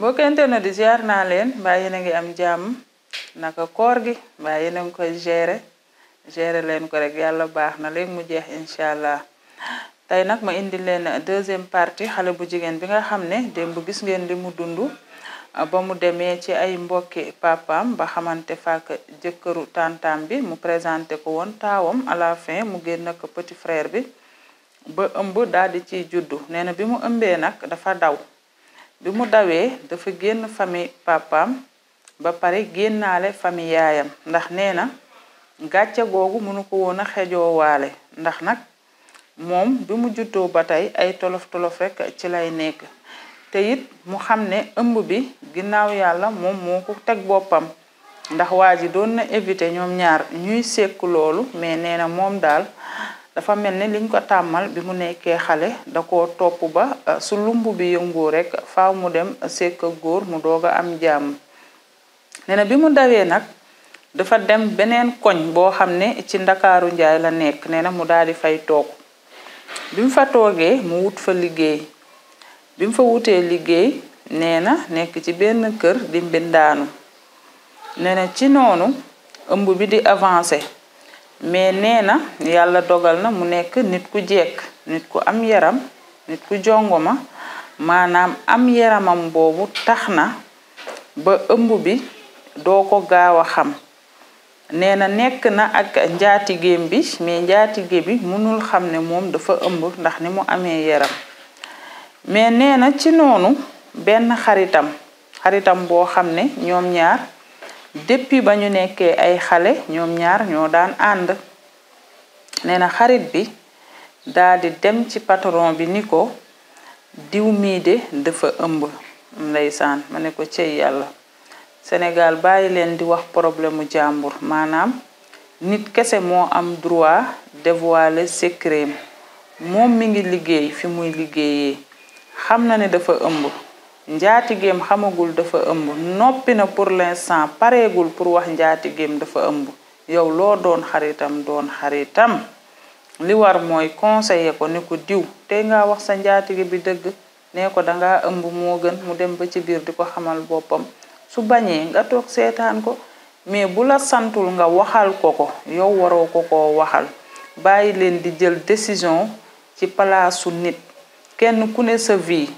mbokk internet di ziar naa leen mbaa yéen a ngi am jàmm naka koor gi mbaa yéen a koy gérer gérer leen ko rek yàlla baax na leen mu jeex incha allah tey nag ma indi leen deuxième partie xale bu jigéen bi nga xam ne démb gis ngeen li mu dund ba mu demee ci ay mbokki papam ba xamante fàkk jëkkëru tantam bi mu présenter ko woon taawam à fin mu génn ak petit frère bi ba ëmb daal di ciy juddu nee na bi mu ëmbee nag dafa daw bi mu dawee dafa génn famille papaam ba pare génnaale famille yaayam ndax nee na gàcce googu mënu ko woon a xejoowaale ndax nag moom bi mu juddoo ba tey ay tolof-tolof ci lay nekk te it mu xam ne ëmb bi ginnaaw yàlla moom moo ko teg boppam ndax waa ji doon na invité ñoom ñaar ñuy sekk loolu mais nee na moom daal dafa mel ni liñ ko tàmmal bi mu nekkee xale da ko topp ba euh, su lumb bi yëngoo rekk faw mu dem sekk góor mu doog a am jàmm nee na bi mu dawee nag dafa dem beneen koñ boo xam ne ci ndakaaru njaay la nekk nee na mu daal di fay toog bi mu fa toogee mu wut fa liggéey bi mu fa wutee liggéey nee na nekk ci benn kër di mbindaanu nee ci noonu ëmb bi di avancé mais nee na yàlla dogal na mu nekk nit ku jekk nit ku am yaram nit ku jongoma maanaam am yaramam boobu tax na ba ëmb bi doo ko gaaw a xam nee na nekk na ak njaatigéem bi mais njaatige bi mënul xam ne moom dafa ëmb ndax ni mu amee yaram mais neena ci noonu benn xaritam xaritam boo xam ne ñoom ñaar depuis ba ñu nekkee ay xale ñoom ñaar ñoo daan ànd nee xarit bi daldi dem ci patron bi ni ko diw mii de dafa ëmb ndeysaan ma ne ko cey yàlla senegal bàyyi leen di wax problème mu jàmbur maanaam nit kese moo am droit dévoiler secret moom mi ngi liggéey fi muy liggéeyee xam na ne dafa ëmb njaatigeem xamagul dafa ëmb noppi na pour l'instant pareegul pour wax njaatigeem dafa ëmb yow loo doon xaritam doon xaritam li war mooy conseiller ko ne ko diw te nga wax sa njaatige bi dëgg nee ko dangaa ëmb moo gën mu dem ba ci biir di ko xamal boppam su bañee nga toog seetaan ko mais bu la santul nga waxal ko ko yow waroo ko ko waxal bàyyi leen di jël décision ci palaasu nit kenn ku ne sa vie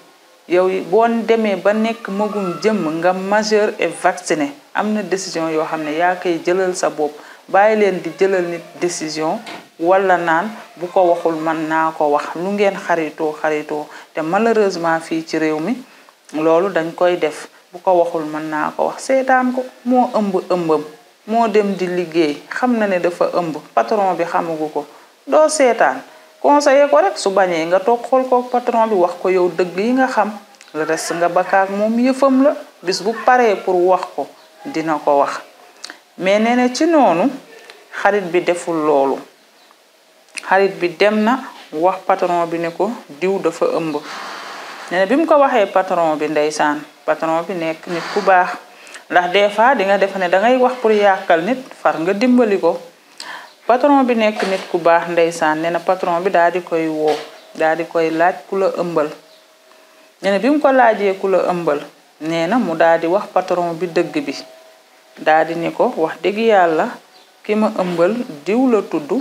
yow boo demee ba nekk magum jëmm ngam majeur et vacciné am na décision yoo xam ne yaa koy jëlal sa bopp bàyyi leen di jëlal nit décision wala naan bu ko waxul man naa ko wax lu ngeen xaritoo xaritoo te malheureusement fii ci réew mi loolu dañ koy def bu ko waxul mën naa ko wax seetaan ko moo ëmb ëmbam moo dem di liggéey xam na ne dafa ëmb patron bi xamugu ko doo seetaan conseiller ko rek su bañee nga toog xool ko patron bi wax ko yow dëgg yi nga xam le nga bakkaak moom yëfam la bis bu paree pour wax ko dina ko wax mais nee na ci noonu xarit bi deful loolu xarit bi dem na wax patron bi ne ko diw dafa ëmb nee na bi mu ko waxee patron bi ndeysaan patron bi nekk nit ku baax ndax des fois di nga def ne dangay wax pour yàqal nit far nga dimbali ko patron bi nekk nit ku baax ndeysaan nee na patron bi daal koy woo daldi koy laaj ku la ëmbal nee na bi mu ko laajee ku la ëmbal nee na mu daldi wax patron bi dëgg bi daldi ni ko wax dëgg yàlla ki ma ëmbal diw la tudd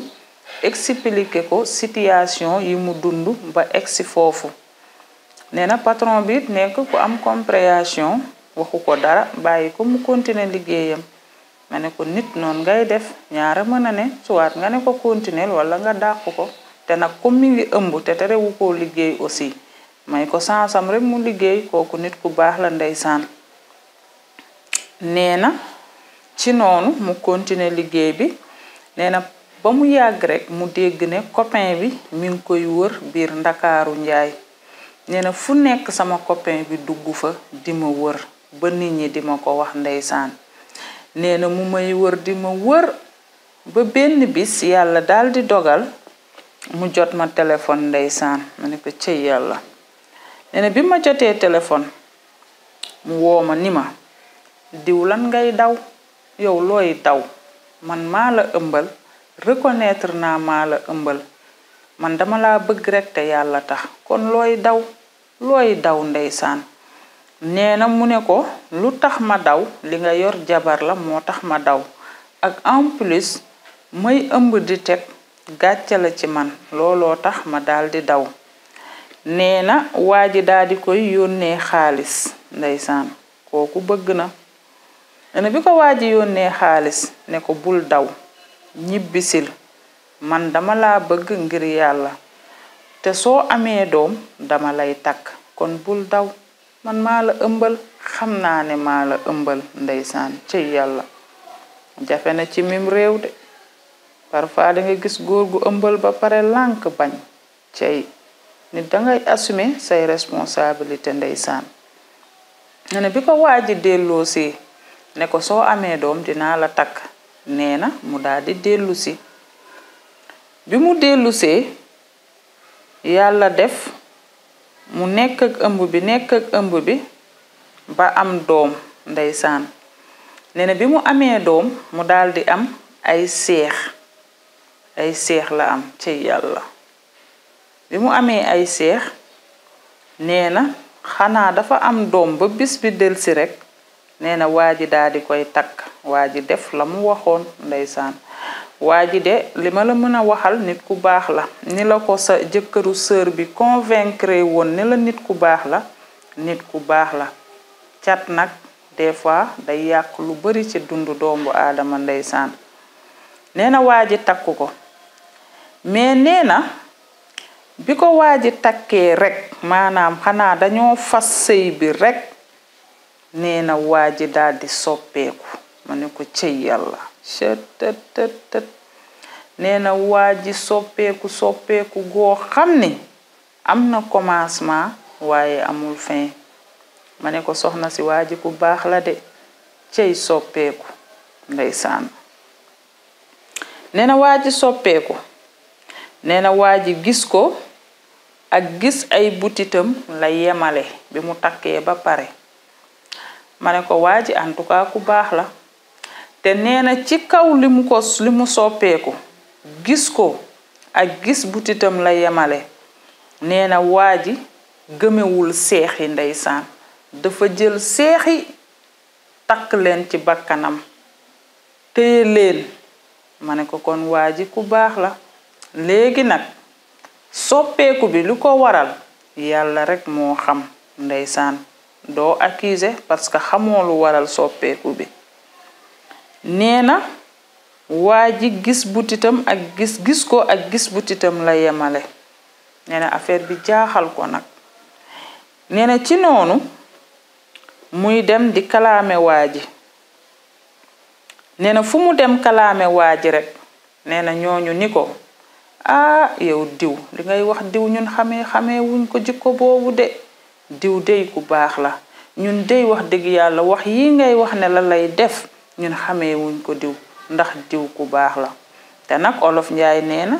expliqué ko situation yi mu dund ba egsi foofu nee na patron bi nekk ku am compréhension waxu ko dara bàyyi ko mu continuer liggéeyam ma ne ko nit noonu ngay def ñaar mën a ne suwaat nga ne ko continuer wala nga dàq ko te nag comme mi ngi ëmb te terewu ko liggéey aussi may ko sansam rek mu liggéey kooku nit ku baax la ndeysaan nee na ci noonu mu continuer liggéey bi nee na ba mu yàgg rek mu dégg ne copain bi mu ngi koy wër biir ndakaaru njaay nee na fu nekk sama copain bi dugg fa di ma wër ba nit ñi di ma ko wax ndeysaan nee na mu may wër di ma wër ba benn bis yàlla daal di dogal mu jot ma téléphone ndeysaan ma ne ko cëy yàlla nee bi ma jotee téléphone mu woo ma ni ma diw lan ngay daw yow looy daw man maa la ëmbal reconnaître na maa la ëmbal man dama laa bëgg rekk te yàlla tax kon looy daw looy daw ndeysaan nee na mu ne ko lu tax ma daw li nga yor jabar la moo tax ma daw ak en plus may ëmb di teg gàcce la ci man looloo tax ma daldi daw nee na waa ji daldi koy yónnee xaalis ndeysaan kooku bëgg na nee na bi ko waa ji yónnee xaalis ne ko bul daw ñibbisil man dama la bëgg ngir yàlla te soo amee doom dama lay takk kon bul daw man maa la ëmbal xam naa ne maa la ëmbal ndeysaan ci yàlla jafe na ci mim réew de parfois da gis góor gu ëmbal ba pare lànk bañ cey nit dangay assumer say responsabilité ndeysaan ne ne bi ko waaji delloo si ne ko soo amee doom dinaa la takk nee na mu daldi dellu si bi mu dellusee yàlla def mu nekk ak ëmb bi nekk ak ëmb bi ba am doom ndeysaan nee na bi mu amee doom mu daldi am ay seex ay seex la am ci yàlla bi mu amee ay seex nee na xanaa dafa am doom ba bis bi delsi rekk nee na waa ji daldi koy takk waa ji def la mu waxoon ndeysaan waa ji de li ma la mën a waxal nit ku baax la ni la ko sa jëkkëru sër bi convaincre woon ni la nit ku baax la nit ku baax la cat nag des fois day yàq lu bari ci dundu doomu aadama ndeysaan nee na waa ji takk ko mais nee na bi ko waa ji takkee rek maanaam xanaa dañoo fas sëy bi rekk nee na waa ji daal soppeeku ma ne ko cëy yàlla chetëtëtët nee na waa ji soppeeku soppeeku goo xam ni am na commencement waaye amul fin ma ne ko soxna ci waaji ji ku baax la de cey soppeeku ndeysaan nee na waa ji soppeeku nee na waa ji gis ko ak gis ay butitam la yemale bi mu takkee ba pare ma ne ko waa ji en tout cas ku baax la te nee na ci kaw li mu ko li mu soppeeku gis ko ak gis butitam la yemale nee na waa ji gëmewul seexi ndeysaan dafa jël seexi takk leen ci bakkanam téye leen ma ne ko kon waa ji ku baax la léegi nag soppeeku bi lu ko waral yàlla rekk moo xam ndeysaan doo accuser parce que xamoo lu waral soppeeku bi nee na waa ji gis butitam ak gis gis ko ak gis butitam la yemale nee na affaire bi jaaxal ko nag nee ci noonu muy dem di kalaame waa ji nee na fu mu dem kalaame waa ji rek nee ñooñu ni ko ah yow diw li ngay wax diw ñun xamee xamee wuñ ko jikko boobu de diw dey ku baax la ñun dey wax dëgg yàlla wax yi ngay wax ne la lay def ñun xamee ko diw ndax diw ku baax la te nag olof njaay nee na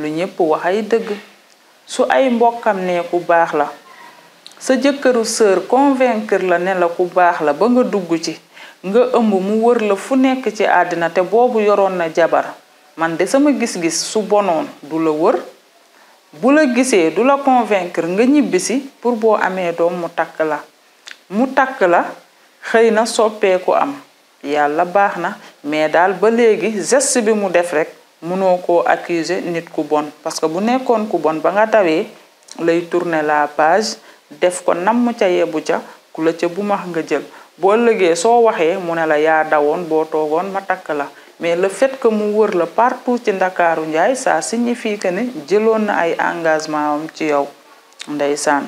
lu ñépp wax ay dëgg su ay mbokkam ne ku baax la sa jëkkëru sër convaincre la ne la ku baax la ba nga dugg ci nga ëmb mu wër la fu nekk ci àddina te boobu yoroon na jabar man de sama gis-gis su bonoon du la wër bu la gisee du la convaincre nga ñibbisi pour boo amee doom mu takk la mu takk la xëy na soppeeku am yàlla baax na mais daal ba léegi geste bi mu def rekk mënoo ko accuser nit ku bon parce que bu nekkoon ku bon ba nga tawee lay tourner la page def ko namm ca yebu ca ku la ca bu max nga jël boo ëllëgee soo waxee mu ne la yaa dawoon boo toogoon ma takk la mais le fait ko mu wër la partout ci ndakaaru njaay ça signifie que ne jëloon na ay engagement am ci yow ndeysaan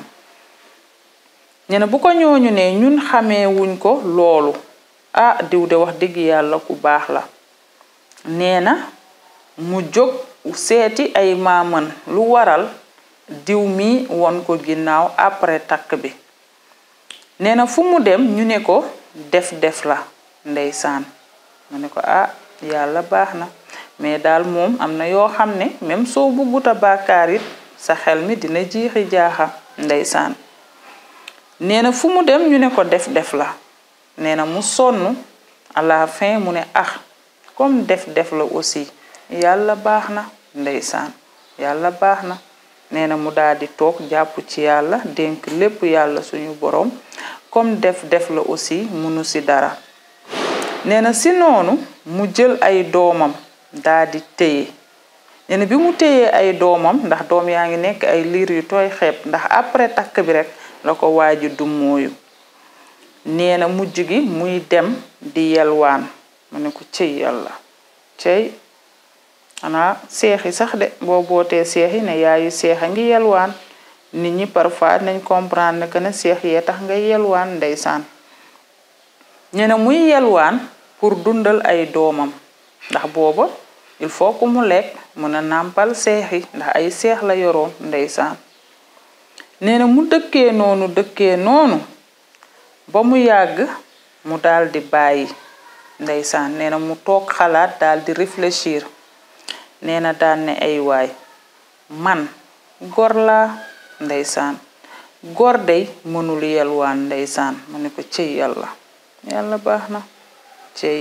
ñu ne bu ko ñooñu ne ñun xamee ko loolu ah diw de wax dëgg yàlla ku baax la nee na mu jóg seeti ay maaman lu waral diw mi won ko ginnaaw après takk bi neena fu mu dem ñu ne ko def def la ndeysaan mu ne ko ah yàlla baax na mais daal moom am na yoo xam ne même soo buggut a bàkkaar it sa xel mi dina jiixi jaaxa ndeysaan nee na fu mu dem ñu ne ko def def la nee na mu sonn à fin mu ne ah comme def-def la aussi yàlla baax na ndeysaan yàlla baax na nee na mu dal di toog jàpp ci yàlla dénk lépp yàlla suñu boroom comme def-def la aussi munu si dara nee na si noonu mu jël ay doomam daal di téye nee bi mu téyee ay doomam ndax doom yaa ngi nekk ay liir yu tooy xepp ndax après takk bi rekk la ko waaji du mooyu nee na mujj gi muy dem di yelwaan mu ne ko cëy yàlla cëy xanaa seexi sax de boo bootee seex ne yaayu seex a ngi yelwaan nit ñi parfois nañ comprendre que ne seex yee tax nga yelwaan ndeysaan ñu muy yelwaan pour dundal ay doomam ndax booba il faut ko mu lekk mun a nàmpal seex ndax ay seex la yoroon ndeysaan nee mu dëkkee noonu dëkkee noonu ba mu yàgg mu daldi bàyyi ndeysaan nena mu toog xalaat daldi di réfléchir nee na ay waay man gor ndeysaan gor dey mënul yelwaan ndeysaan mu ne ko cëy yàlla yàlla baax na cëy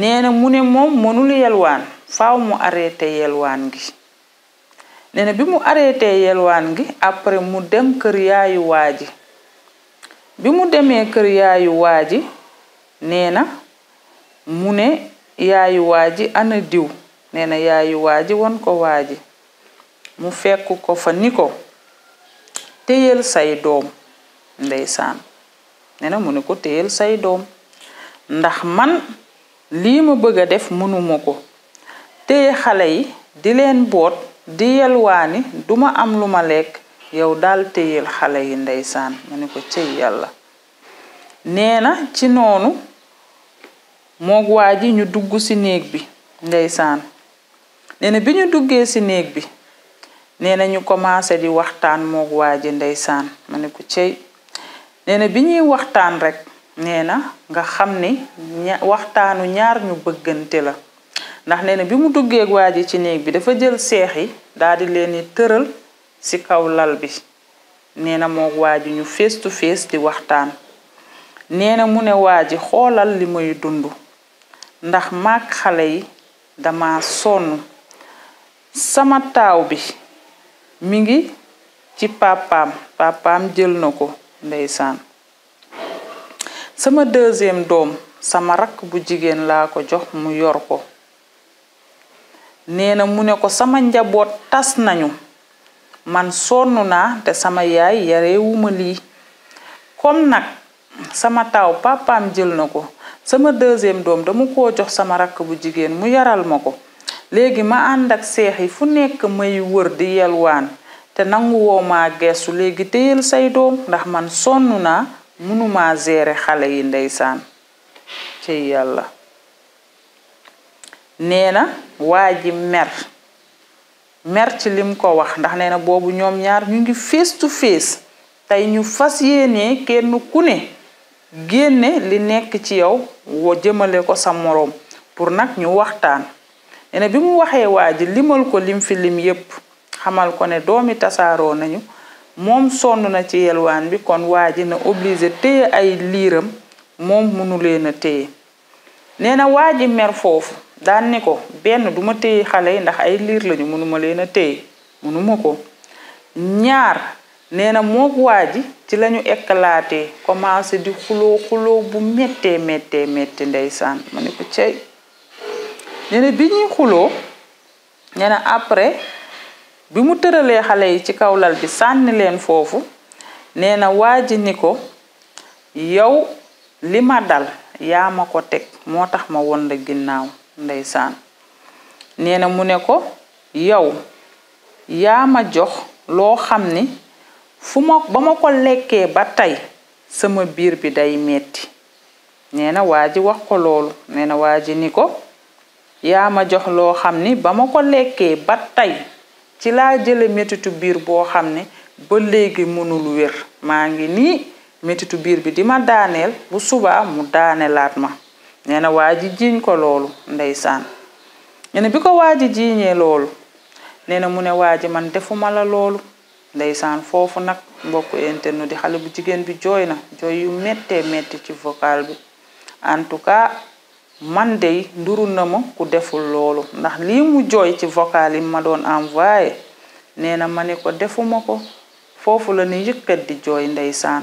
nee na mu ne moom mënul yelwaan faaw mu arrêté yelwaan gi nee bi mu arrêté yelwaan gi après mu dem kër yaayu waa ji bi mu demee kër yaayu waa ji nee na mu ne yaayu waa ji ana diw nee na yaayu waa ji won ko waa ji mu fekk ko fa ni ko téyel say doom ndeysaan nee na mu ne ko téyel say doom ndax man lii ma bëgg a def mënuma ko téye xale yi di leen boot di yelwaani duma am lu ma lekk yow daal téyel xale yi ndeysaan mu ne ko cëy yàlla nee na ci noonu moog waa ji ñu dugg ci néeg bi ndeysaan nee bi ñu duggee ci néeg bi nee na ñu commencé di waxtaan moog waa ji ndeysaan mu ne ko cëy nee bi ñuy waxtaan rek nee na nga xam ni waxtaanu ñaar ñu bëggante la ndax nee bi mu duggee waa ji ci néeg bi dafa jël seex yi daldi leen di tëral ci kaw lal bi nee na moog waa ji ñu face to face di waxtaan nee mu ne waa ji xoolal li muy dund ndax maag xale yi dama sonn sama taaw bi mi ngi ci papaam papaam jël na ko ndeysaan sama deuxième doom sama rakk bu jigéen laa ko jox mu yor ko nee mu ne ko sama njaboot tas nañu man sonn naa te sama yaay yarewuma lii comme nag sama taaw papaam jël na ko sama deuxième doom dama ko jox sama rakk bu jigéen mu yaral ma ko léegi ma ànd ak seex fu nekk may wër di yelwaan te nangu woo maa geesu léegi téyel say doom ndax man sonn naa mënuma geere xale yi ndeysaan ci yàlla neena waaji mer mer ci lim ko wax ndax nee na boobu ñoom ñaar ñu ngi face to face tey ñu fas yéene kenn ku ne génne li nekk ci yow woo jëmale ko sa moroom pour nag ñu waxtaan nee bi mu waxee waa ji limal ko lim fi lim yépp xamal ko ne doomi tasaaroo nañu moom sonn na ci yelwaan bi kon waa ji na oblige téye ay liiram moom mënu leen a téye nee na waa ji mer foofu daan ni ko benn du ma téye xale yi ndax ay liir lañu mënuma leen a téye mënuma ko ñaar nee na mook waa ji ci lañu eklaate commencé di xuloo xuloo bu méttee méttee métti ndeysaan ma ne ko cey nee bi ñuy xuloo nee après bi mu tëralee xale yi ci kaw lal bi sànni leen foofu nee na waa ji ni ko yow li ma dal yaama ko teg moo tax ma won la ginnaaw ndeysaan nee na mu ne ko yow yaa ma jox loo xam ni fu ma ba ma ko lekkee ba tey sama biir bi day metti nee na waa ji wax ko loolu nee na waa ji ni ko yaa ma jox loo xam ni ba ma ko lekkee ba tey ci laa jële métitu biir boo xam ne ba léegi mënul wér maa ngi nii métitu biir bi di ma daaneel bu suba mu daanelaat ma nee na waa ji jiiñ ko loolu ndeysaan nee na bi ko waa ji jiiñee loolu nee na mu ne waa ji man defuma la loolu ndeysaan foofu nag mbokk internet di xale bu jigéen bi jooy na jooy yu méttee métti ci vocal bi en tout cas man dey nduru na ma ku deful loolu ndax lii mu jooy ci vocal yi ma doon envoyé nee na ma ne ko defuma ko foofu la ni yëkkat di jooy ndeysaan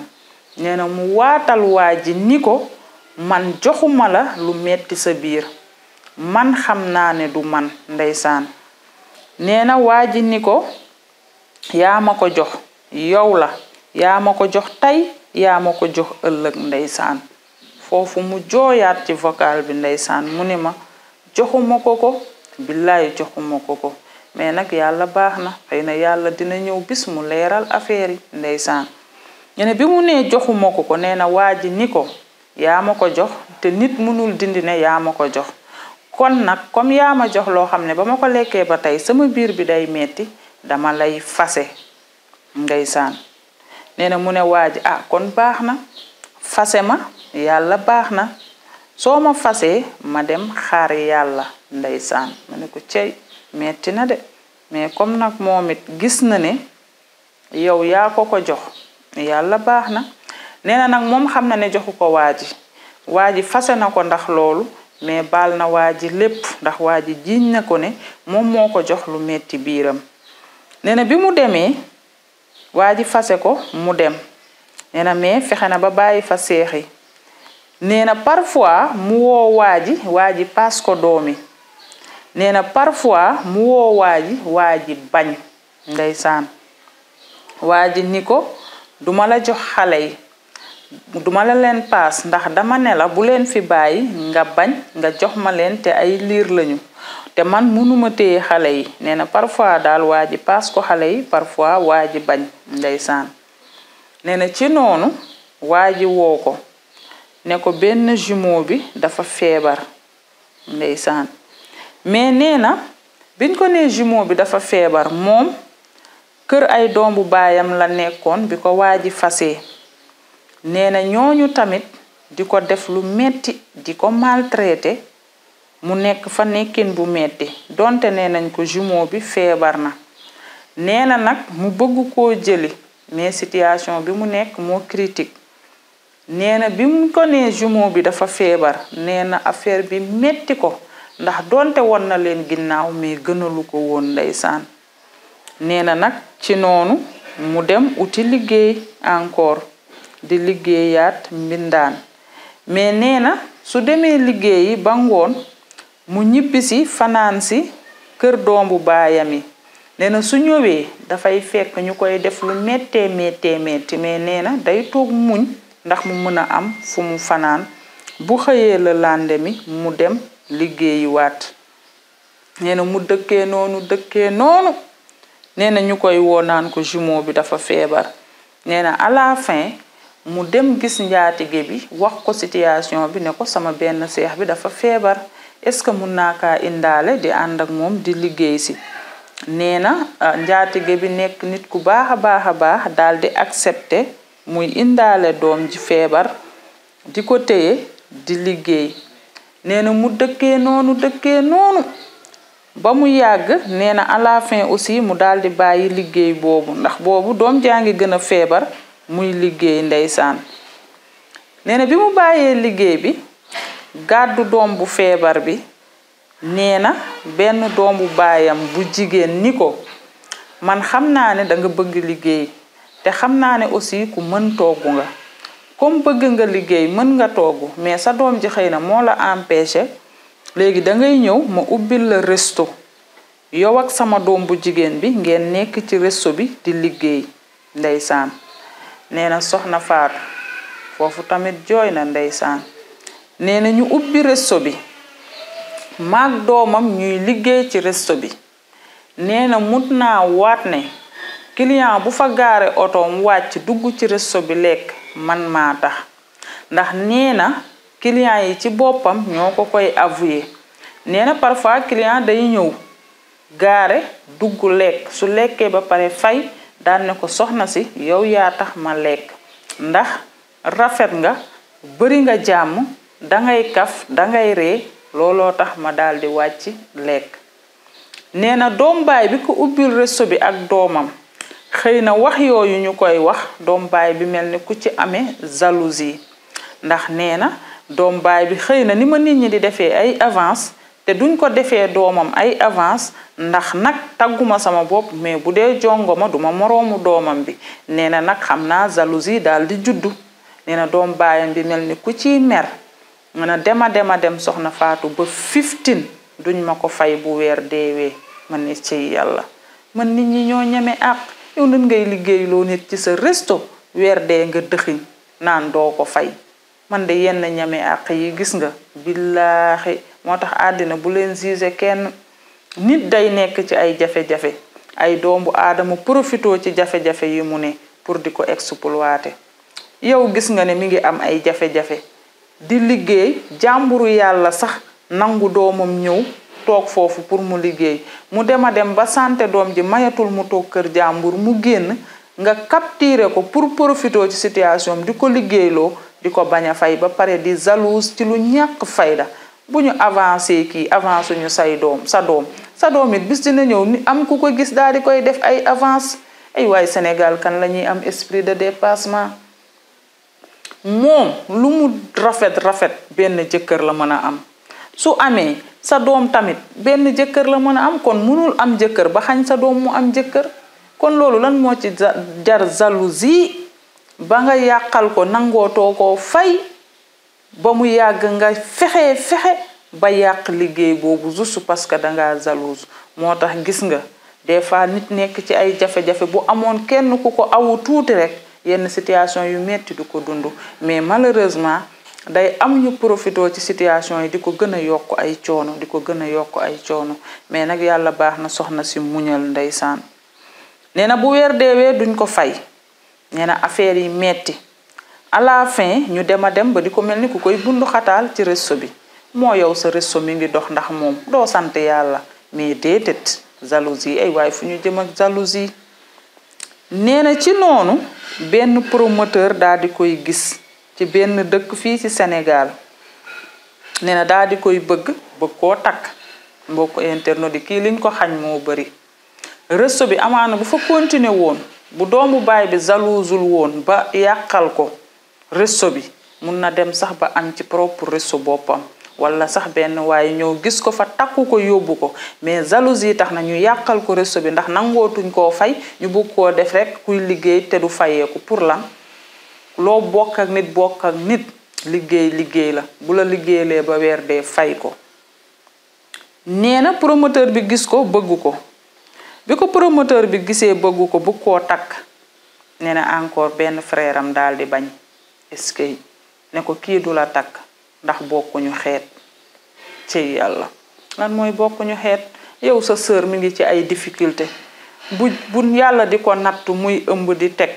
nee mu waatal waa ji ni ko man joxuma la lu metti sa biir man xam naa ne du man ndeysaan nee na waa ji ni ko yaama ko jox yow la yaama ko jox tey yaama ko jox ëllëg ndeysaan foofu mu jooyaat ci vocal bi ndeysaan mu ni ma joxuma ko ko billaay joxuma ko ko mais nag yàlla baax na xëy na yàlla dina ñëw bis mu leeral affaire yi ndeysaan ñu ne bi mu nee joxuma ko ko nee na ni ko yaa ma ko jox te nit mënul dindi ne yaa ma ko jox kon nag comme yaa ma jox loo xam ne ba ma ko lekkee ba tey sama biir bi day metti dama lay fase ndeysaan nee na mu ne waa ji ah, kon baax na fase ma yàlla baax na soo ma fasee ma dem xaar yàlla ndeysaan ma ko cey metti na de mais comme nag moom it gis na ne yow yaa ko ko jox yàlla baax na nee na nag moom xam na ne joxu ko waa ji waa ji fase na ko ndax loolu mais baal na waa ji lépp ndax waa ji jiiñ na ko ne moom moo ko jox lu metti biiram nee na bi mu demee waa ji fase ko mu dem nena na mais fexe na ba bàyyi fa seex yi nee na parfois mu woo waa ji waa ji paas ko doomi nee na parfois mu woo waa ji bañ ndeysaan waa ji ni ko duma la jox xale yi duma la leen paas ndax dama ne la bu leen fi bàyyi nga bañ nga jox ma leen te ay liir lañu te man mënuma téye xale yi nee na parfois daal waa ji paas ko xale yi parfois waa ji bañ ndeysaan nee na ci noonu waa ji woo ko ne ko benn jumeau bi dafa feebar ndeysaan mais nee na biñ ko nee jumeau bi dafa feebar moom kër ay doom bu baayam la nekkoon bi ko waa ji fase nee na ñooñu tamit di ko def lu metti di ko maltraité mu nekk fa nekkin bu metti donte nee nañ ko jumeau bi feebar na nee na nag mu bëgg ko jëli mais situation bi mu nekk moo critique neena na bi mu ko nee jumeau bi dafa feebar nee na affaire bi metti ko ndax donte won na leen ginnaaw mais gënalu ko woon ndeysaan nee na nag ci noonu mu dem uti liggéey encore di liggéeyaat mbindaan mais nee na su demee liggéeyi ba ngoon mu ñibbisi fanaan si kër doombu baayam yi nee su ñëwee dafay fekk ñu koy def lu méttee méttee métti mais nee na day toog muñ ndax mu mën a am fu mu fanaan bu xëyee la lande mi mu dem liggéeyiwaat nee na mu dëkkee noonu dëkkee noonu nee ñu koy woo naan ko jumeau bi dafa feebar nee na mu dem gis njaatige bi wax ko situation bi ne ko sama benn seex bi dafa feebar est-ce que mun naa kaa indaale di ànd ak moom di liggéey si nee na ah, njaatige bi nekk nit ku baax a baax a baax daal di accepter muy indaale doom ji feebar di ko téye di liggéey nee na mu dëkkee noonu dëkkee noonu ba mu yàgg nee na à aussi mu dal di bàyyi liggéey boobu ndax boobu doom jaa ngi gën a feebar muy liggéey ndeysaan nee bi mu bàyyee liggéey bi gàddu doom bu feebar bi nee na benn doom bu baayam bu jigéen ni ko man xam naa ne danga bëgg liggéey te xam naa ne aussi ku mën togg nga comme bëgg nga liggéey mën nga togg mais sa doom ji xëy na moo la empêché léegi dangay ñëw ma ubbil la resto yow ak sama doom bu jigéen bi ngeen nekk ci resto bi di liggéey ndeysaan neena na soxna faatu foofu tamit jooy na ndeysaan nee na ñu ubbi resto bi maag doomam ñuy liggéey ci resto bi nee na mut naa waat ne client bu fa gaare otoom wàcc dugg ci resto bi lekk man maa tax ndax nee na client yi ci boppam ñoo ko koy avouer nee na parfois client day ñëw gaare dugg lekk su lekkee ba pare fay daal ne ko soxna si yow yaa tax ma lekk ndax rafet nga bëri nga jàmm dangay kaf dangay ree looloo tax ma dal di wàcc lekk nee na doom baay bi ko ubbil resto bi ak doomam xëy na wax yooyu ñu koy wax doom baay bi mel ni ku ci amee jalousie ndax nee na doom baay bi xëy na ni ma nit ñi di defee ay avance te duñ ko defee doomam ay avance ndax nag tagguma sama bopp mais bu dee jongoma duma moroomu doomam bi nee na nag xam naa jalousie daal di juddu nee na doom baayam bi mel ni ku ci mer mu ne dema dema dem soxna faatu ba fiftin duñ ma ko fay bu weer deewee man ne ci yàlla man nit ñi ñoo ñeme ak yow ngay liggéey nit ci sa resto weer nga dëxiñ naan doo ko fay yi gis nga billaaxi moo tax àddina bu leen jugé kenn nit day nekk ci ay jafe-jafe ay doombu aadama profitoo ci jafe-jafe yi mu ne pour di ko exploiter yow gis nga ne mi ngi am ay jafe-jafe di liggéey jàmburu yàlla sax nangu doomam ñëw toog foofu pour mu liggéey mu dem a dem ba santé doom ji mayatul mu toog kër jàmbur mu génn nga capturer ko pour profitoo ci situation di ko liggéeyloo di ko bañ a fay ba pare di jalouse ci lu ñàkk fayda bu ñu avancé kii avance ñu say doom sa doom sa doom it bis dina ñëw ni am ku ko gis daal di koy def ay avance ay waay Sénégal kan lañuy am esprit de dépassement moom lu mu rafet rafet benn jëkkër la mën a am su amee sa doom tamit benn jëkkër la mën a am kon mënul am jëkkër ba xañ sa doom mu am jëkkër kon loolu lan moo ci jar jalousie ba nga yàqal ko nangootoo ko fay ba mu yàgg nga fexe fexe ba yàq liggéey boobu juste parce que danga jalouse moo tax gis nga des fois nit nekk ci ay jafe-jafe bu amoon kenn ku ko awu tuuti rek yenn situation yu metti du ko dund mais malheureusement day am ñu profitoo ci situation yi di ko gën a yokk ay coono di ko gën a yokk ay coono mais nag yàlla baax na soxna si muñal ndeysaan nee na bu weer deewee duñ ko fay nee na affaire yi metti à ñu dem a dem ba di ko mel ni ku koy bunduxataal ci resto bi moo yow sa resto mi ngi dox ndax moom doo sant yàlla mais déedéet jalousie ay waaye fu ñu jëm ak jalousie nee na ci noonu benn promoteur daa di koy gis ci benn dëkk fii ci Sénégal nee na daa koy bëgg bëgg koo takk mbokk internet yi kii liñ ko xañ moo bari resto bi amaana bu fa continuer woon bu doomu baay bi jalousul woon ba yàqal ko réseau bi mun na dem sax ba am ci propre réseau boppam wala sax benn waaye ñoo gis ko fa takku ko yóbbu ko mais jalousie yi tax na ñu yàqal ko réseau bi ndax nangootuñ koo fay ñu bugg koo def rek kuy liggéey te du fayeeku pour lan loo bokk ak nit bokk ak nit liggéey liggéey la bu la liggéeylee ba weer dee fay ko nee promoteur bi gis ko bëgg ko bi ko promoteur bi gisee bëgg ko bugg koo takk nee na encore benn freeram dal di bañ est-ce que ne ko kii du la takk ndax bokkuñu xeet ci yàlla lan mooy bokkuñu xeet yow sa sœur mi ngi ci ay difficulté bu bu yàlla di ko nattu muy ëmb di teg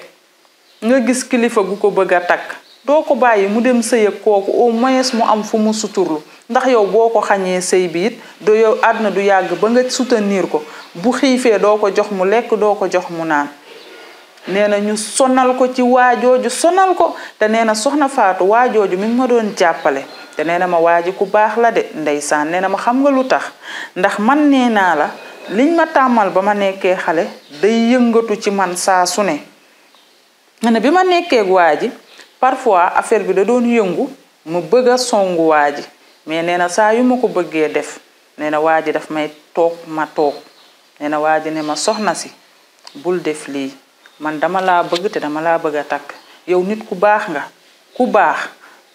nga gis kilifa gu ko bëgg a takk doo ko bàyyi mu dem sëy ak kooku au moins mu am fu mu suturlu ndax yow boo ko xañee sëy biit it yow àdduna du yàgg ba nga soutenir ko bu xiifee doo ko jox mu lekk doo ko jox mu naan nee na ñu sonal ko ci waajooju sonal ko te nee na soxna Faatu waajooju mi ngi ma doon jàppale te nee na ma waaji ku baax la de ndeysaan nee na ma xam nga lu tax ndax man nee naa la liñ ma tàmmal ba ma nekkee xale day yëngatu ci man saa su ne nee bi ma nekkee waa ji parfois affaire bi da doon yëngu mu bëgg a songu waa ji mais nee na saa yu ma ko bëggee def nee na waa ji daf may toog ma toog nee na waa ji ne ma soxna si bul def lii man dama laa bëgg te dama laa bëgg a takk yow nit ku baax nga ku baax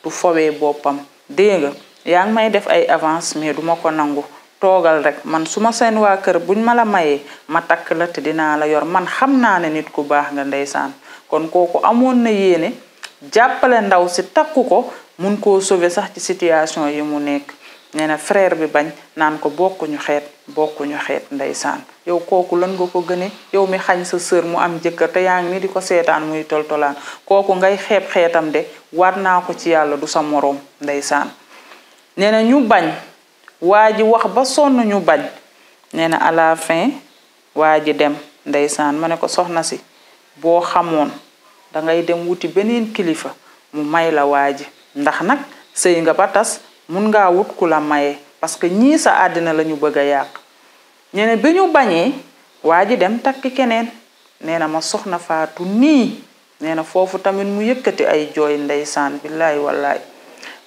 du fowee boppam dégg nga yaa ngi may def ay avance mais duma ko nangu toogal rek man su ma seen waa kër buñ ma la mayee ma takk la te dinaa la yor man xam naa ne nit ku baax nga ndeysaan kon kooku amoon na yéene jàppale ndaw si takku ko mun koo sauver sax ci situation yi mu nekk nee na frère bi bañ naan ko bokkuñu xeet bokkuñu xeet ndeysaan yow kooku lan nga ko gëne yow mi xañ sa sœur mu am jëkkër te yaa ngi ni di ko seetaan muy toltolaan kooku ngay xeet xeetam de waat naa ko ci yàlla du sa moroom ndeysaan nee na ñu bañ waa ji wax ba sonn ñu bañ nee na à fin waa ji dem ndeysaan ma ne ko soxna si boo xamoon dangay dem wuti beneen kilifa mu may la waa ndax nag sëy nga ba tas mun ngaa wut ku la maye parce que ñii sa àddina lañu ñu bëgg a yàq ñu ne bi ñu bañee waa ji dem takki keneen nee na ma soxna faatu nii nee na foofu tamit mu yëkkati ay jooy ndeysaan billaay wallaay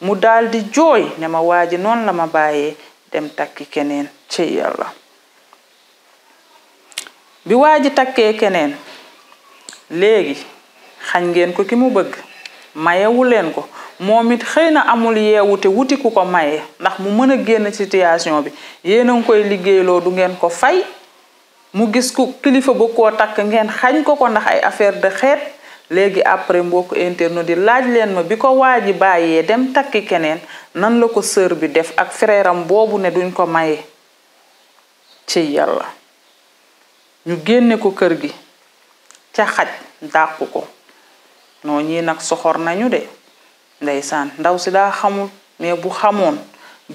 mu daldi jooy ne ma waa ji noonu la ma bàyyee dem takki keneen ci yàlla bi waa ji takkee keneen léegi xañ ngeen ko ki mu bëgg mayewu leen ko moom it xëy na amul yeewute wuti ku ko maye ndax mu mën a génn situation bi yéen a ngi koy liggéeyloo du ngeen ko fay mu gis ku kilifa ba ko takk ngeen xañ ko ko ndax ay affaire de xeet léegi après mbokk internet di laaj leen ma bi ko waa ji bàyyee dem takki keneen nan la ko sër bi def ak frère boobu ne duñ ko maye ci yàlla ñu génne ko kër gi ca xaj dàq ko noo ñii nag soxor nañu de ndeysaan ndaw si daa xamul mais bu xamoon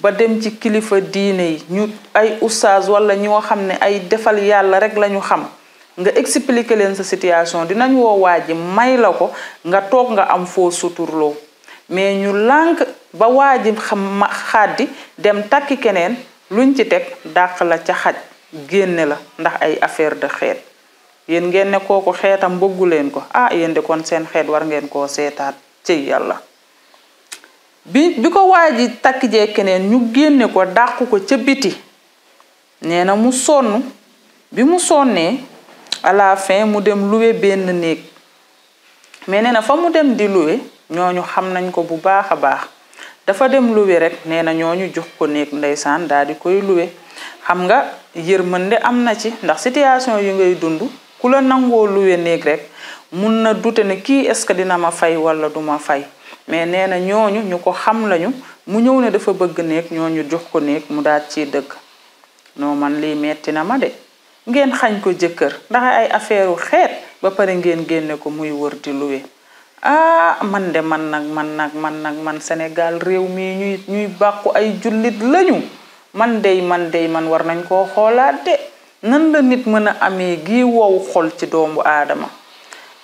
ba dem ci kilifa diine yi ñu ay oustaz wala ñoo xam ne ay defal yàlla rek lañu xam nga expliquer leen sa situation dinañ woo waa ji may la ko nga toog nga am foo suturloo mais ñu lànk ba waa ji xaddi dem takki keneen luñ ci teg dàq la ca xaj génne la ndax ay affaire de xeet yéen ngeen ne kooku xeetam bëggu leen ko ah yéen de kon seen xeet war ngeen koo seetaat ci yàlla bi bi ko waa ji takk jee keneen ñu génne ko dàq ko ca biti nee na mu sonn bi mu sonnee à fin mu dem luwe benn néeg mais nee na fa mu dem di luwe ñooñu xam nañ ko bu baax a baax dafa dem luwe rek nee na ñu jox ko néeg ndeysaan daal di koy luwe xam nga mën yërmande am na ci ndax situation yu ngay dund ku la nangoo luwe néeg rek mun na dute ne kii est-ce que dina ma fay wala du ma fay mais nee na ñooñu ñu ko xam lañu mu ñëw ne dafa bëgg néeg ñooñu jox ko néeg mu daal ci dëgg noo man lii metti na ma de ngeen xañ ko jëkkër ndax ay affaire xeet ba pare ngeen génne ko muy wër di luwe ah man de man nag man nag man nag man Sénégal réew mi ñuy ñuy bàkku ay jullit lañu man dey man dey man war nañ koo xoolaat de nan la nit mën a amee gi wow xol ci doomu aadama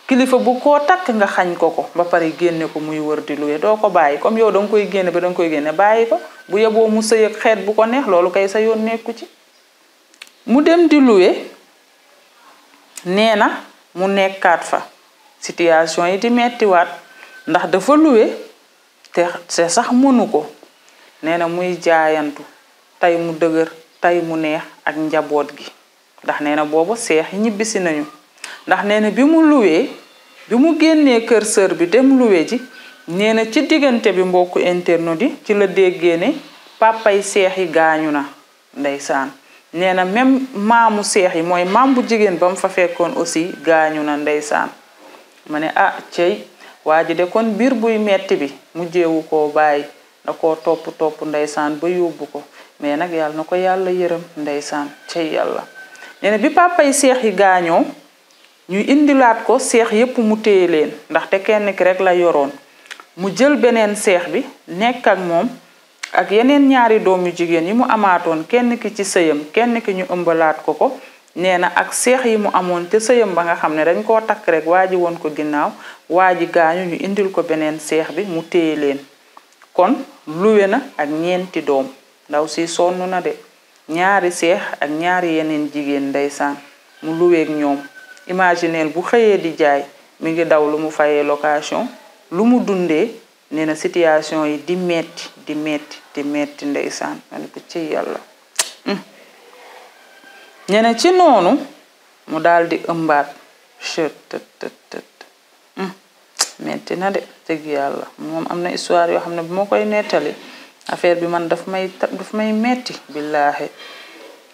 kilifa bu ko takk nga xañ ko ko ba pare génne ko muy wër di luwe doo ko bàyyi comme yow danga koy génne ba da koy génne bàyyi ko bu yeboo mu sëy ak xeet bu ko neex loolu kay sa yoon nekku ci mu dem di luye nee na mu nekkaat fa situation yi di mettiwaat ndax dafa luwe te te sax mënu ko nee na muy jaayantu tey mu dëgër tey mu neex ak njaboot gi ndax nee na boobu seex ñibbisi nañu ndax nee na bi mu luwee bi mu génnee kër sër bi dem luwe ji nee na ci diggante bi mbokk internet yi ci la déggee ne papay seex yi gaañu na ndeysaan nee na même maamu seex yi mooy maam jigéen ba mu aussi gaañu na ndeysaan ma ne a ah, cey waa ji de kon biir buy metti bi mujjeewu ko bàyyi da ko topp topp ndeysaan ba yóbbu ko mais nag yàlla na ko yàlla yërëm ndeysaan cey yàlla nee bi papay seex gaañoo ñuy indilaat ko seex yépp mu téye leen ndaxte kenn ki rek la yoroon mu jël beneen seex bi nekk moom ak yeneen ñaari doom yu jigéen yi mu amaatoon kenn ki ci sëyam kenn ki ñu ëmbalaat ko ko nee na ak seex yi mu amoon te sëyam ba nga xam ne dañ koo takk rek waa ji woon ko ginnaaw waa ji gaañu ñu indil ko beneen seex bi mu téye leen kon luwe na ak ñeenti doom ndaw si sonn na de ñaari seex ak ñaari yeneen jigéen ndeysaan mu luweeg ñoom imagineel bu xëyee di jaay mi ngi daw lu mu fayee location lu mu dundee nee na situation yi di metti di metti di metti ndeysaan ma ne ko ci yàlla ñene hmm. ci noonu mu daal di ëmbaat hmm. metti na de dëgg yàlla moom am na histoire yoo xam ne bu ma koy nettali affaire bi man daf may metti billaahi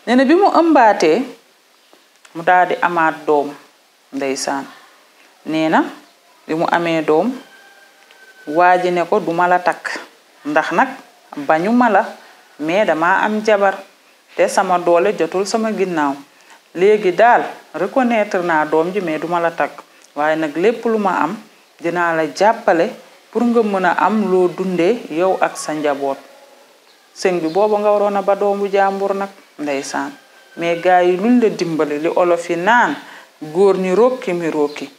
nee bi mu ëmbaatee mu daal di amaat doom ndeysaan nee na bi mu amee doom waa ji ne ko duma la takk ndax nag bañu ma la mais dama am jabar te sama doole jotul sama ginnaaw léegi daal reconnaître naa doom ji mais duma la takk waaye nag lépp lu ma am dinaa la jàppale pour nga mën a am loo dundee yow ak sa njaboot sëñ bi boobu nga waroon a ba doomu jàmbur nag ndeysaan mais gars yi luñ la dimbali li olof yi naan góor ñi rokki mi rokki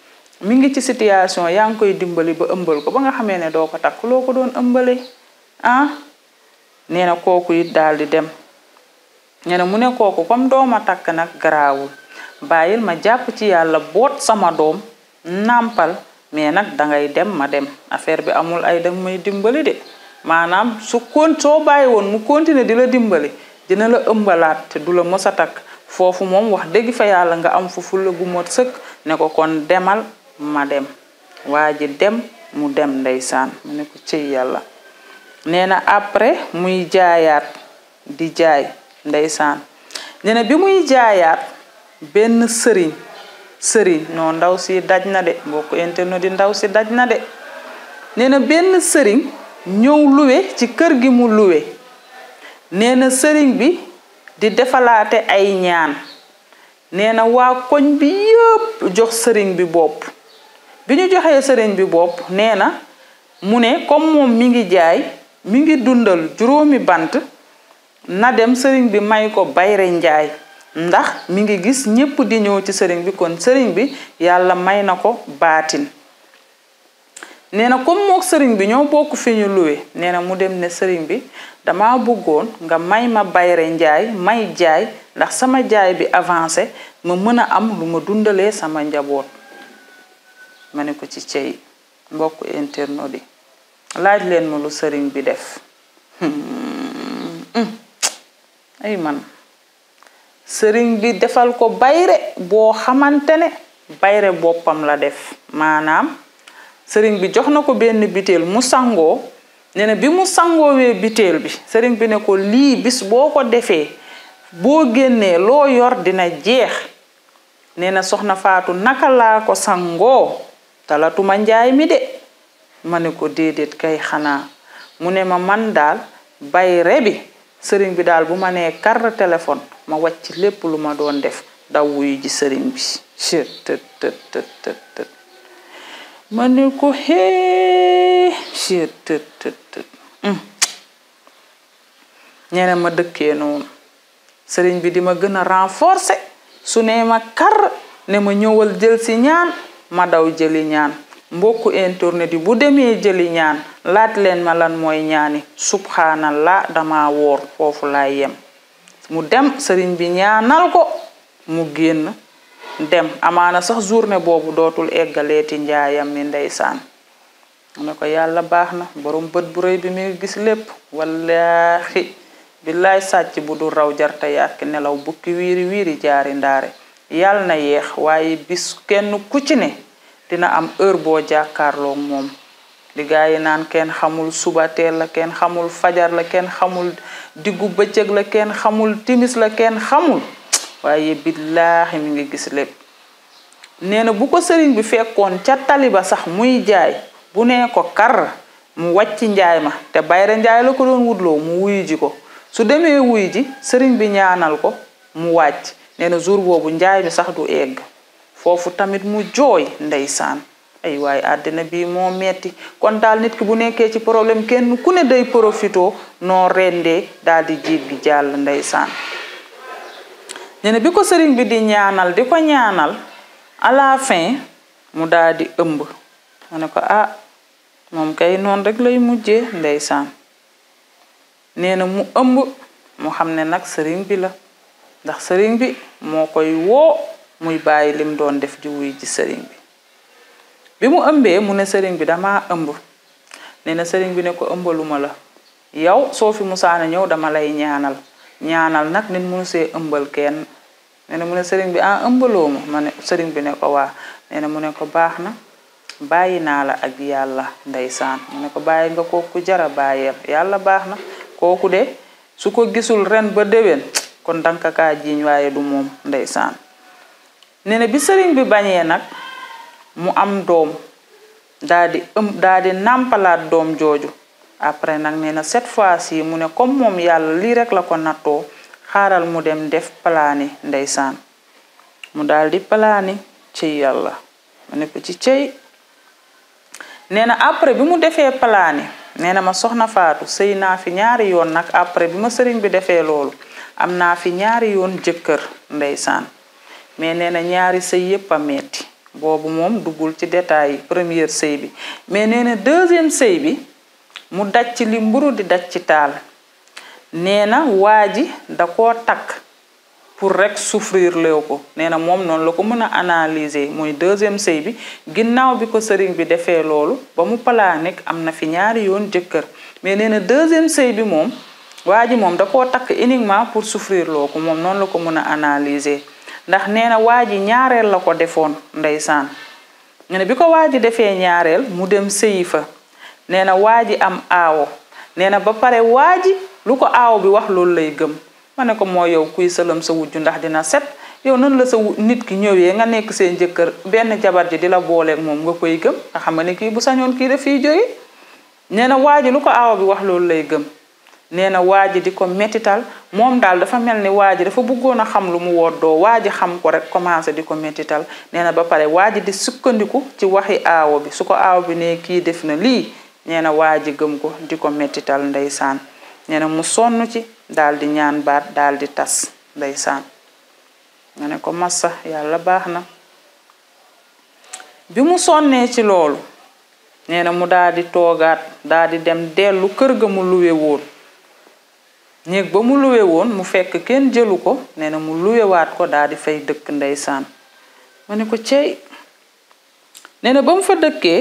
mi ngi ci situation yaa ngi koy dimbali ba ëmbal ko ba nga xamee ne doo ko takk loo ko doon ëmbale ah nee na kooku it daal di dem nee na mu ne kooku doom a takk nag garaawul bàyyil ma jàpp ci yàlla boot sama doom nampal mais nag dangay dem ma dem affaire bi amul ay danga may dimbali de maanaam su kon soo bàyyi woon mu continuer di la dimbali dina la ëmbalaat te du la mës a takk foofu moom wax dégg fa yàlla nga am fu fulla gu mot sëkk ne ko kon demal ma dem waa ji dem mu dem ndeysaan mu ne ko cëy yàlla nee na après muy jaayaat di jaay ndeysaan nee bi muy jaayaat benn sëriñ sëriñ non ndaw si daj na de mbokk ndaw si daj na de benn sëriñ ñëw luwe ci kër gi mu luwe neena sëriñ bi di defalaate ay ñaan nee na waa koñ bi yépp jox sëriñ bi bopp bi ñu joxee sëriñ bi bopp nee na mu ne comme moom mi ngi jaay mi ngi dundal juróomi bant na dem sëriñ bi may ko bayre njaay ndax mu ngi gis ñépp di ñëw ci sëriñ bi kon sëriñ bi yàlla may na ko baatin nee na comme sëriñ bi ñoo bokk fi ñu luwe nee na mu dem ne sëriñ bi dama bëggoon nga may ma bayre njaay may jaay ndax sama jaay bi avancé ma mën a am lu ma dundalee sama njaboot ma ne ko ci cey mbokk internaute yi laaj leen ma lu sëriñ bi def hmm. ay man sëriñ bi defal ko bayre boo xamante ne bayre boppam la def maanaam sëriñ bi jox na ko benn biteel mu sangoo ne na bi mu sangoowee biteel bi sëriñ bi ne ko lii bis boo ko defee boo génnee loo yor dina jeex nee na soxna faatu naka laa ko sangoo talatuma njaay mi de ma ne ko déedéet kay xanaa mu ne ma man daal bayre bi sëriñ bi daal bu ma nee kar téléphone ma wacc lépp lu ma doon def daw ji sëriñ bi tët tët tët tët ma ne ko xee seet ma dëkkee noonu sëriñ bi di ma gën a renforcer su nee ma kar ne ma ñëwal jël si ñaan ma daw jëli ñaan mbokku internet yi bu demee jëli ñaan laaj leen ma lan mooy ñaani subhanallah dama woor foofu laay yem mu dem sëriñ bi ñaanal ko mu génn dem amaana sax journée boobu dootul eggaleeti njaayam mi ndeysaan mu ko yàlla baax na borom bët bu rëy bi mi ngi gis lépp wallaahi billaay sàcc bu dul raw jarte yàkki nelaw bukki wiiri wiiri jaari ndaare yàlla na yeex waaye bis kenn ku ci dina am heure boo jàkkaarloo moom di gaa yi naan kenn xamul subateel la kenn xamul fajar la kenn xamul diggu bëccëg la kenn xamul timis la kenn xamul waaye billaahi mi ngi gis lépp nee na bu ko sëriñ bi fekkoon ca taliba sax muy jaay bu ne ko kar mu wacc njaay ma te bayra njaay la ko doon wutloo mu wuyu ji ko su demee wuy ji sëriñ bi ñaanal ko mu wàcc nee na jour boobu njaay mi sax du egg foofu tamit mu jooy ndeysaan ay waaye àddina bi moo metti kon daal nit ki bu nekkee ci problème kenn ku ne day profitoo noo rendee daal di jiit jàll ndeysaan nee bi ko sëriñ bi di ñaanal di ko ñaanal à fin mu daal ëmb mu ne ko ah moom kay noon rek lay mujje ndeysaan nee na mu ëmb mu xam ne nag sëriñ bi la ndax sëriñ bi moo koy woo muy bàyyi lim doon def di wuy ji sëriñ bi bi mu ëmbee mu ne sëriñ bi dama ëmb nee na sëriñ bi ne ko ëmbaluma la yow soo fi musaana ñëw dama lay ñaanal ñaanal nag nit mënu see ëmbal kenn mu ne sëriñ bi a ah, ëmbaloo ma sëriñ bi ne ko waa nee mu ne ko baax na bàyyi naa la ak yàlla ndeysaan mu ne ko bàyyi nga kooku jara bàyyeel yàlla baax na kooku de su ko gisul ren ba déwén kon danka kaa jiiñ waaye du moom ndeysaan nee na bi sëriñ bi bañee nag mu am doom daa di nàmpalaat doom jooju après nag nee na cette fois ci mu ne comme moom yàlla lii rek la ko nattoo xaaral mu dem def palaani ndeysaan mu daldi palaani ci yàlla mu ci cey nee na après bi mu defee palaani nee na ma soxna faatu sëy naa fi ñaari yoon nag après bi ma sëriñ bi defee loolu am naa fi ñaari yoon jëkkër ndeysaan mais nee na ñaari sëy yépp a metti boobu moom duggul ci détail yi première sëy bi mais nee na deuxième sëy bi mu daj ci li mburu di daj ci taal nee na waa ji da koo takk pour rek souffrir léew ko nee na moom noonu la ko mën a analyser mooy deuxième say bi ginnaaw bi ko sëriñ bi defee loolu ba mu palaa nekk am na fi ñaari yoon jëkkër mais nee na deuxième sëy bi moom waa ji moom da koo takk uniquement pour souffrir loo ko moom noonu la ko mën a analyser ndax nee na waa ji ñaareel la ko defoon ndeysaan nee na bi defee ñaareel mu dem sëyi fa nee na waa ji am aawo nee na ba pare waa ji lu ko aawo bi wax loolu lay gëm ma ne ko moo yow kuy sëlam sa wujju ndax dina set yow nan la sa nit ki ñëwee nga nekk see njëkkër benn jabar ji di la booleeg moom nga koy gëm nga xam nga ne kii bu sañoon kii daf fiy jóge nee na waa ko aawo bi wax loolu lay gëm nee na waa ji di ko métital moom daal dafa mel ni waa ji dafa bëggoon a xam lu mu woddoo waa ji xam ko rek commencé di ko métital nee na ba pare waa ji di sukkandiku ci waxi aawo bi su ko aawo bi ne kii def na lii nee na waa ji ko di ko mettital ndeysaan nee mu sonn ci daldi ñaan baat daldi tas ndeysaan nga ne ko massa yàlla baax na bi mu sonnee ci loolu nee na mu daldi di toogaat daal dem dellu kër ga mu luwe woon néeg ba mu luwe woon mu fekk kenn jëlu ko nee na mu luwewaat ko daldi fay dëkk ndeysaan ma ne ko cey nee ba mu fa dëkkee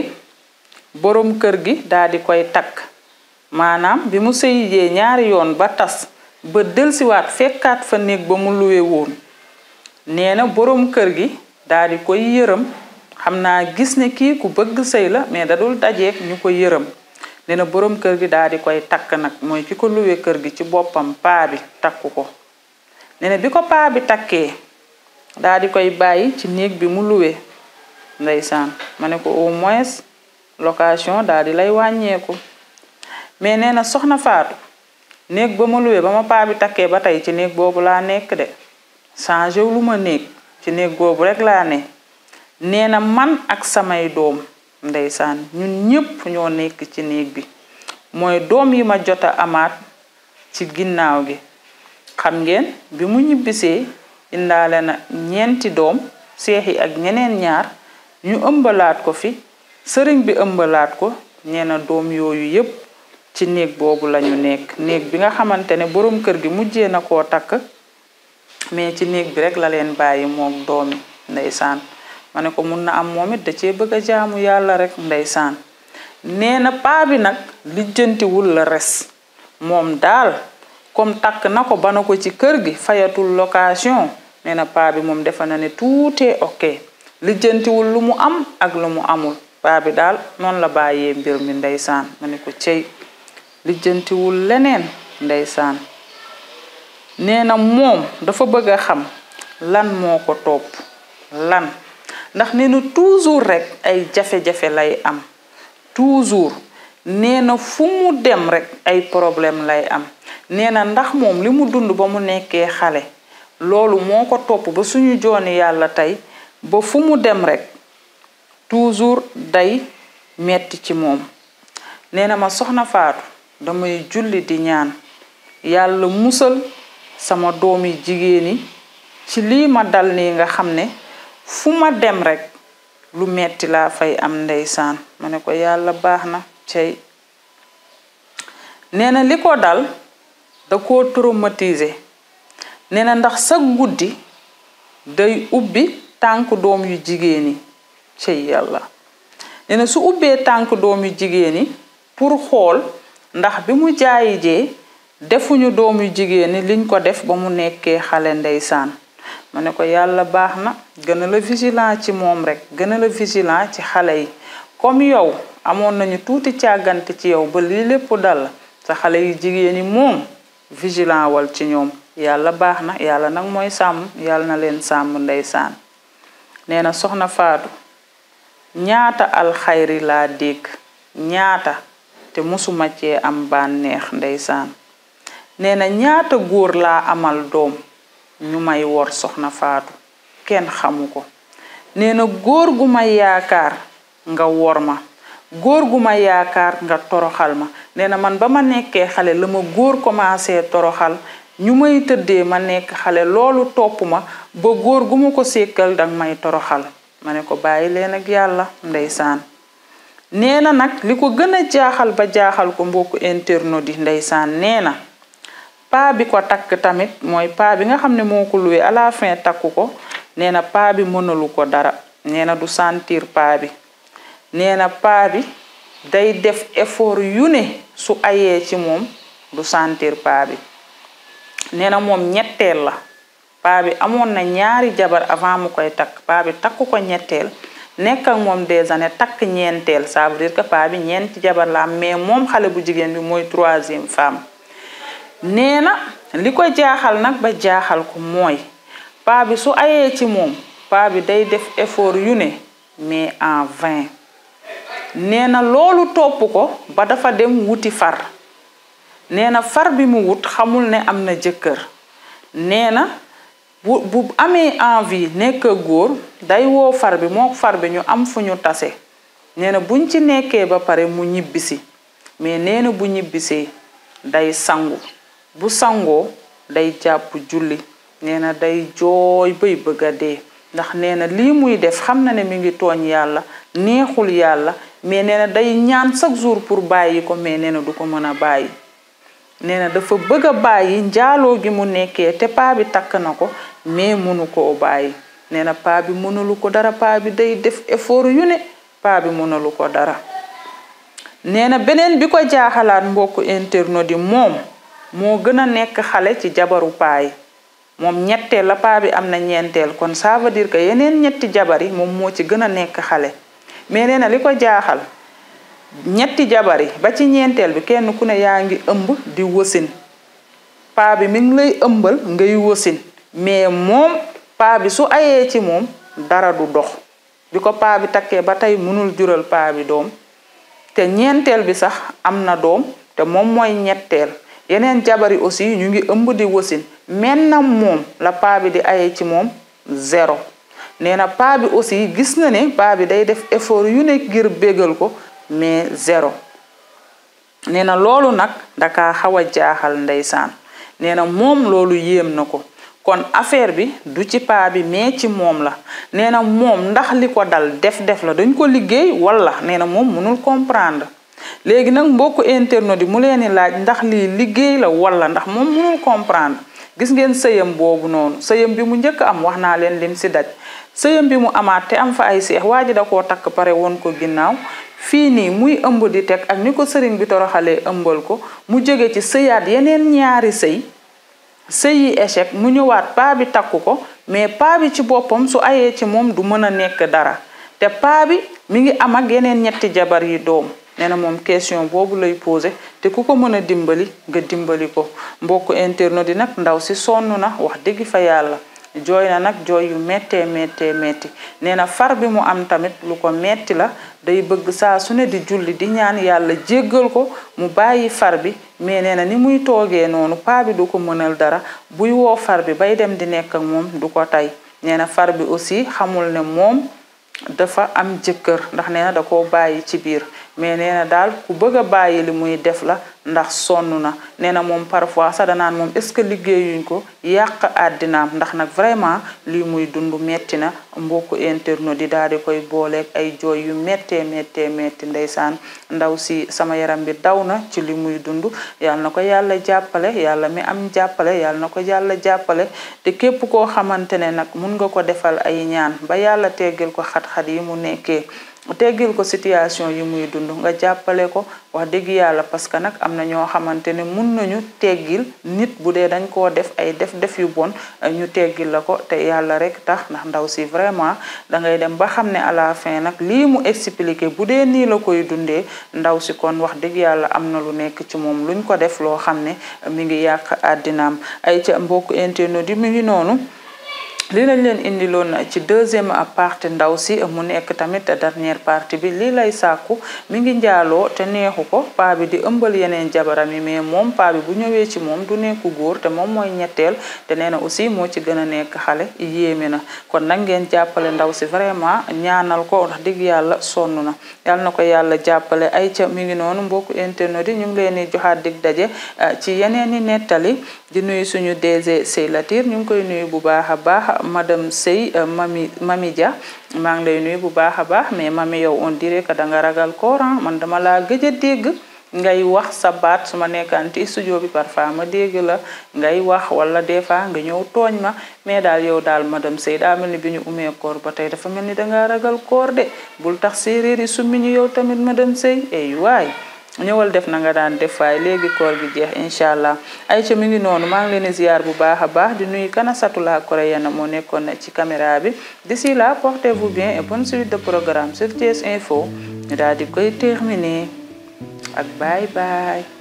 boroom kër gi daldi koy takk maanaam bi mu sëyijee ñaari yoon ba tas ba delsiwaat fekkaat fa néeg ba mu luwe woon nee na boroom kër gi daldi koy yërëm xam naa gis ne kii ku bëgg sëy la mais da dul dajeek ñu ko yërëm nee na boroom kër gi daldi koy takk nag mooy ki ko luwe kër gi ci boppam paa bi ko nee bi ko paa bi takkee daldi koy bàyyi ci néeg bi mu luwe ndeysaan ma ne ko au moins location daal di lay wàññeeku mais nee na soxna Faatu néeg ba ma luwee ba ma paa bi takkee ba tey ci néeg boobu laa nekk de changé wu ma néeg ci néeg boobu rek laa ne nee na man ak samay doom ndeysaan ñun ñépp ñoo nekk ci néeg bi mooy doom yi ma jot a amaat ci ginnaaw gi xam ngeen bi mu ñibbisee indaale na ñeenti doom seex yi ak ñeneen ñaar ñu ëmbalaat ko fi sëriñ bi ëmbalaat ko nee doom yooyu yépp ci néeg boobu lañu nekk néeg bi nga xamante ne boroom kër gi mujjee na koo takk mais ci néeg bi rek la leen bàyyi moom doomi ndeysaan ma ne ko mun na am moom it da cee bëgg a jaamu yàlla rek ndeysaan nee na paa bi nag lijjantiwul la res moom daal comme takk na ko ba ko ci kër gi fayatul location nee na paa bi moom defe na ne tuutee ok lijjantiwul lu mu am ak lu mu amul paa bi daal noonu la bàyyee mbir mi ndeysaan ma ne ko cey lijjantiwul leneen ndeysaan nee na moom dafa bëgg xam lan moo ko topp lan ndax nee na toujours rek ay jafe-jafe lay am toujours nee na fu mu dem rek ay problème lay am nee na ndax moom li mu dund ba mu nekkee xale loolu moo ko topp ba suñu jooni yàlla tey ba fu mu dem rek toujours day metti ci moom neena ma soxna Faatu damay julli di ñaan yàlla musal sama doomi jigéen yi ci lii ma dal nii nga xam ne fu ma dem rekk lu metti laa fay am ndeysaan ma ne ko yàlla baax na cey nee na li ko dal da ko traumatisé nee na ndax sa guddi day ubbi tànk doom yu jigéen yi cey yàlla nee na su ubbee tànk doomu jigéen yi pour xool ndax bi mu jaayi jee defuñu doomu jigéen yi liñ ko def ba mu nekkee xale ndeysaan ma ne ko yàlla baax na gën a ci moom rek gën a la ci xale yi kom yow amoon nañu tuuti càggante ci yow ba lii lépp dal sa xale yu jigéen yi moom vigilant wal ci ñoom yàlla baax na yàlla nag mooy sàmm yàlla na leen sàmm ndeysaan nee soxna Faatu ñaata alxayri laa dég ñaata te musuma ce am bànneex ndeysaan nee na ñaata góor laa amal doom ñu may wor soxna faatu kenn xamu ko nee góor gu ma yaakaar nga wor ma góor gu ma yaakaar nga toroxal ma nee na man ba ma nekkee xale la ma góor commencé toroxal ñu may tëddee ma nekk xale loolu topp ma ba góor guma ko sékkal danga may toroxal ma ne ko bàyyi leen ak yàlla ndeysaan nee na nag li ko gën a jaaxal ba jaaxal ko mbokku internautes yi ndeysaan nee na paa bi ko takk tamit mooy paa bi nga xam ne moo ko luwe fin takku ko nee na paa bi mënalu ko dara nee na du sentir paa bi nee na paa bi day def effort yu ne su ayee ci moom du sentir paa bi nee na moom ñetteel la paa bi amoon na ñaari jabar avant mu koy takk paa bi takku ko ñetteel nekk ak moom des années takk ñeenteel ça veut dire que paa ñeenti jabar la am mais moom xale bu jigéen bi mooy troisième femme nee na li ko jaaxal nag ba jaaxal ko mooy paa bi su ayee ci moom paa bi day def effort yu ne mais en vain nee na loolu topp ko ba dafa dem wuti far nee na far bi mu wut xamul ne am na jëkkër nee na bu bu amee envie nekk góor day woo far bi moo far bi ñu am fu ñu tase nee na buñ ci nekkee ba pare mu ñibbisi mais nee na bu ñibbisee day sangu bu sangoo day jàpp julli nee na day jooy bay bëgg a dee ndax nee na lii muy def xam na ne mu ngi tooñ yàlla neexul yàlla mais nee na day ñaan chaque jour pour bàyyi ko mais nee na du ko mën a bàyyi nee na dafa bëgg a bàyyi njaaloo gi mu nekkee te paa bi takk na ko mais mënu koo bàyyi nee na paa bi mënalu ko dara paa bi day def effort yu ne paa bi mënalu ko dara nee na beneen bi ko jaaxalaat mbokk internet yi moom moo gën a nekk xale ci jabaru paa moom ñetteel la paa bi am na ñeenteel kon ça veut que yeneen ñetti jabar yi moom moo ci gën a nekk xale mais nee na li ko jaaxal ñetti jabar yi ba ci ñeenteel bi kenn ku ne yaa ngi ëmb di wasin paa bi mi lay ëmbal ngay wasin mais moom paa bi su ayee ci moom dara du dox bi ko paa bi takkee ba tey mënul jural paa doom te ñeenteel bi sax am na doom te moom mooy ñetteel yeneen jabar yi aussi ñu ngi ëmb di wasin men na moom la paa bi di ayee ci moom zéro nee na paa bi aussi gis na ne paa bi day def effort yu ne ngir bégal ko mais zéro nee na loolu nag daka xaw a jaaxal ndeysaan nee na moom loolu yéem na ko kon affaire bi du ci paa bi mais ci moom la nee na moom ndax li ko dal def-def la dañ ko liggéey wala nee na moom mënul comprendre léegi nag mbokk internet yi mu leen di laaj ndax li liggéey la wala ndax moom mënul comprendre gis ngeen sëyam boobu noonu sëyam bi mu njëkk am wax naa leen lim si daj sëyam bi mu amaat te am fa ay seex waa ji da koo takk pare woon ko ginnaaw fii nii muy ëmb di teg ak ni ko sëriñ bi toroxalee ëmbal ko mu jóge ci sëyaat yeneen ñaari sëy sëy yi échec mu ñëwaat paa bi takku ko mais paa bi ci boppam su ayee ci moom du mën a nekk dara te paa bi mi ngi am ak yeneen ñetti jabar yi doom nee na moom question boobu lay posé te ku ko mën a dimbali nga dimbali ko mbokk internet di nag ndaw si sonn na wax dëgg fa yàlla jooy na nag jooy yu méttee méttee métti nee na far bi mu am tamit lu ko metti la day bëgg saa su ne di julli di ñaan yàlla jéggal ko mu bàyyi far bi mais nee na ni muy toogee noonu paa bi du ko mënal dara buy woo far bi bay dem di nekk ak moom du ko tey nee na far bi aussi xamul ne moom dafa am jëkkër ndax ne na da koo bàyyi ci biir mais nee na daal ku bëgg a bàyyi li muy def la ndax sonn na nee na moom parfois sax danaan moom est-ce que liggéeyuñ ko yàq àddinaam ndax nag vraiment lii muy dund metti na mbokku internet di daal di koy booleeg ay jooy yu méttee méttee métti ndeysaan ndaw si sama yaram bi daw na ci li muy dund yàlla na ko yàlla jàppale yàlla mi am jàppale yàlla na ko yàlla jàppale te képp koo xamante ne nag mun nga ko defal ay ñaan ba yàlla teggal ko xat-xat yi mu nekkee teggil ko situation yi muy dund nga jàppale ko wax dëgg yàlla parce que nag am na ñoo xamante ne mun nañu teggil nit bu dee dañ koo def ay def-def yu bon ñu teggil la ko te yàlla rek tax ndax ndaw si vraiment da ngay dem ba xam ne à la fin nag lii mu expliqué bu dee nii la koy dundee ndaw si kon wax dëgg yàlla am na lu nekk ci moom luñ ko def loo xam ne mi ngi yàq àddinaam ay ca mbokk internet yi mi ngi noonu lii lañ leen indiloon ci deuxième partie ndaw si mu nekk tamit dernière partie bi lii lay sàkku mi ngi njaaloo te neexu ko paa bi di ëmbal yeneen jabaram yi mais moom paa bu ñëwee ci moom du nekku góor te moom mooy ñetteel te nee na aussi moo ci gën a nekk xale yéeme na kon nag ngeen jàppale ndaw si vraiment ñaanal ko ndax digg yàlla sonn na yàlla na ko yàlla jàppale ay ca mi ngi noonu mbokku internet yi ñu ngi leen di joxaat dig daje eh, ci yeneen i nettali di nuyu suñu DG Seylatir ñu ngi koy nuyu bu baax a baax madame Sey euh, mami mami Dia maa ngi lay nuyu bu baax a baax mais mami yow on dirait que da nga ragal Coran ah. man dama laa gëj dégg ngay wax sa baat su ma nekkaan ci studio bi parfois ma dégg la ngay wax wala des fois nga ñëw tooñ ma mais daal yow daal madame Sey daa mel ni bi ñu umee koor ba tey dafa mel ni danga ragal koor de bul tax séeréer yi summi ñu yow tamit madame Sey ay eh waay ñëwal def na nga daan def waaye léegi koor bi jeex incha allah ayca mi ngi noonu maa ngi leen bu baax a baax di nuyu Kanasatou la coréenne moo nekkoon ci caméra bi d'ici là portez-vous bien et bonne de programme sur Info ñu daal di koy terminer ak baay bye.